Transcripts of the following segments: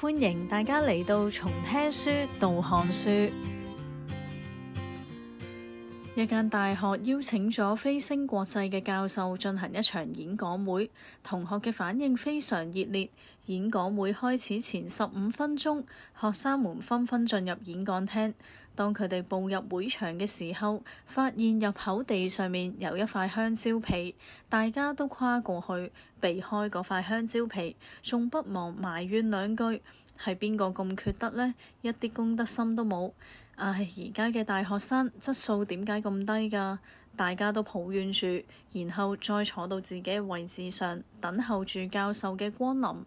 歡迎大家嚟到從聽書到看書。一間大學邀請咗飛星國際嘅教授進行一場演講會，同學嘅反應非常熱烈。演講會開始前十五分鐘，學生們紛紛進入演講廳。當佢哋步入會場嘅時候，發現入口地上面有一塊香蕉皮，大家都跨過去避開嗰塊香蕉皮，仲不忘埋怨兩句：係邊個咁缺德呢？一啲公德心都冇。唉，而家嘅大學生質素點解咁低㗎？大家都抱怨住，然後再坐到自己嘅位置上，等候住教授嘅光臨。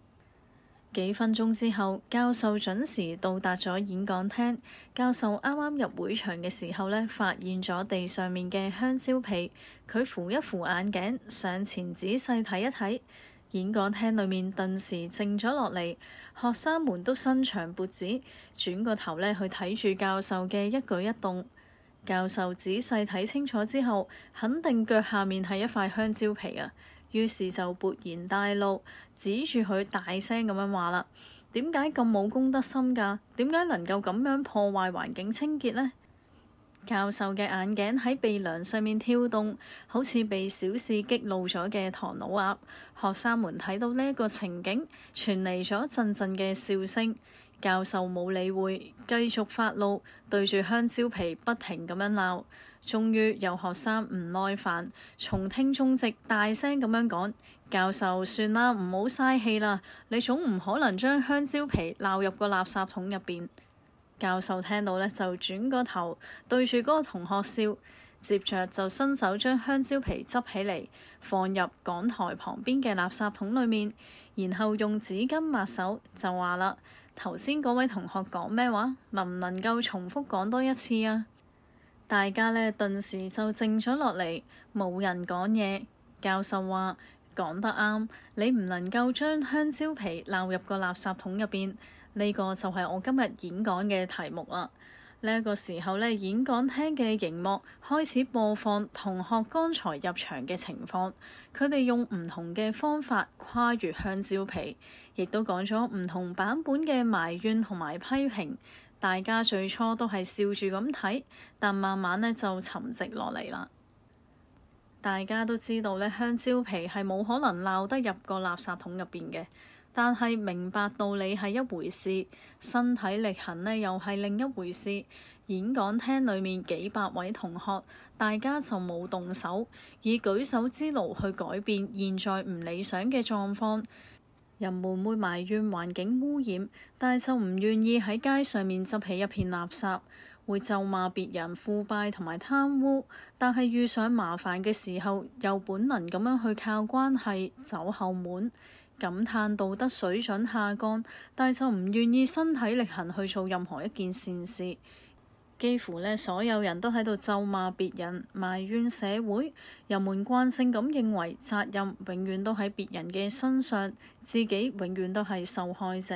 幾分鐘之後，教授準時到達咗演講廳。教授啱啱入會場嘅時候呢，發現咗地上面嘅香蕉皮。佢扶一扶眼鏡，上前仔細睇一睇。演講廳裏面頓時靜咗落嚟，學生們都伸長脖子，轉個頭呢去睇住教授嘅一舉一動。教授仔細睇清楚之後，肯定腳下面係一塊香蕉皮啊！於是就勃然大怒，指住佢大聲咁樣話啦：點解咁冇公德心㗎？點解能夠咁樣破壞環境清潔呢？教授嘅眼鏡喺鼻梁上面跳動，好似被小事激怒咗嘅唐老鴨。學生們睇到呢個情景，傳嚟咗陣陣嘅笑聲。教授冇理會，繼續發怒，對住香蕉皮不停咁樣鬧。終於有學生唔耐煩，從聽眾席大聲咁樣講：教授，算啦，唔好嘥氣啦，你總唔可能將香蕉皮鬧入個垃圾桶入邊。教授聽到咧，就轉個頭對住嗰個同學笑，接著就伸手將香蕉皮執起嚟，放入講台旁邊嘅垃圾桶裏面，然後用紙巾抹手，就話啦：頭先嗰位同學講咩話？能唔能夠重複講多一次啊？大家咧頓時就靜咗落嚟，冇人講嘢。教授話：講得啱，你唔能夠將香蕉皮鬧入個垃圾桶入邊。呢個就係我今日演講嘅題目啦。呢一個時候呢，演講廳嘅熒幕開始播放同學剛才入場嘅情況。佢哋用唔同嘅方法跨越香蕉皮，亦都講咗唔同版本嘅埋怨同埋批評。大家最初都係笑住咁睇，但慢慢呢就沉寂落嚟啦。大家都知道呢，香蕉皮係冇可能鬧得入個垃圾桶入邊嘅。但係明白道理係一回事，身體力行呢又係另一回事。演講廳裏面幾百位同學，大家就冇動手，以舉手之勞去改變現在唔理想嘅狀況。人們會埋怨環境污染，但係就唔願意喺街上面執起一片垃圾，會咒罵別人腐敗同埋貪污，但係遇上麻煩嘅時候，又本能咁樣去靠關係走後門。感嘆道德水準下降，但就唔願意身體力行去做任何一件善事。幾乎呢，所有人都喺度咒罵別人，埋怨社會。人們慣性咁認為責任永遠都喺別人嘅身上，自己永遠都係受害者。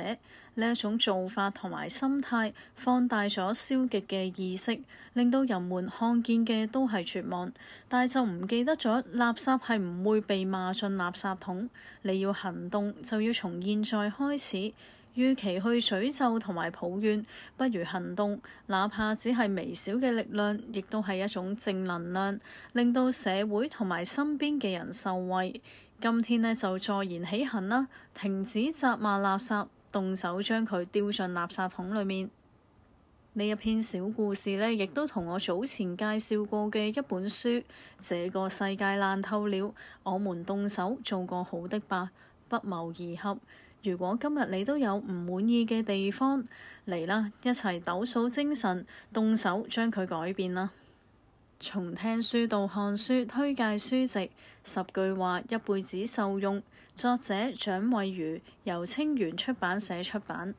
呢一種做法同埋心態，放大咗消極嘅意識，令到人們看見嘅都係絕望，但係就唔記得咗垃圾係唔會被罵進垃圾桶。你要行動，就要從現在開始。與其去詛咒同埋抱怨，不如行動。哪怕只係微小嘅力量，亦都係一種正能量，令到社會同埋身邊嘅人受惠。今天呢，就坐言起行啦，停止責罵垃圾，動手將佢丟進垃圾桶裏面。呢一篇小故事呢，亦都同我早前介紹過嘅一本書《這個世界爛透了，我們動手做個好的吧》，不謀而合。如果今日你都有唔滿意嘅地方，嚟啦，一齊抖擻精神，動手將佢改變啦。從聽書到看書推介書籍十句話一輩子受用。作者蔣慧茹，由清遠出版社出版。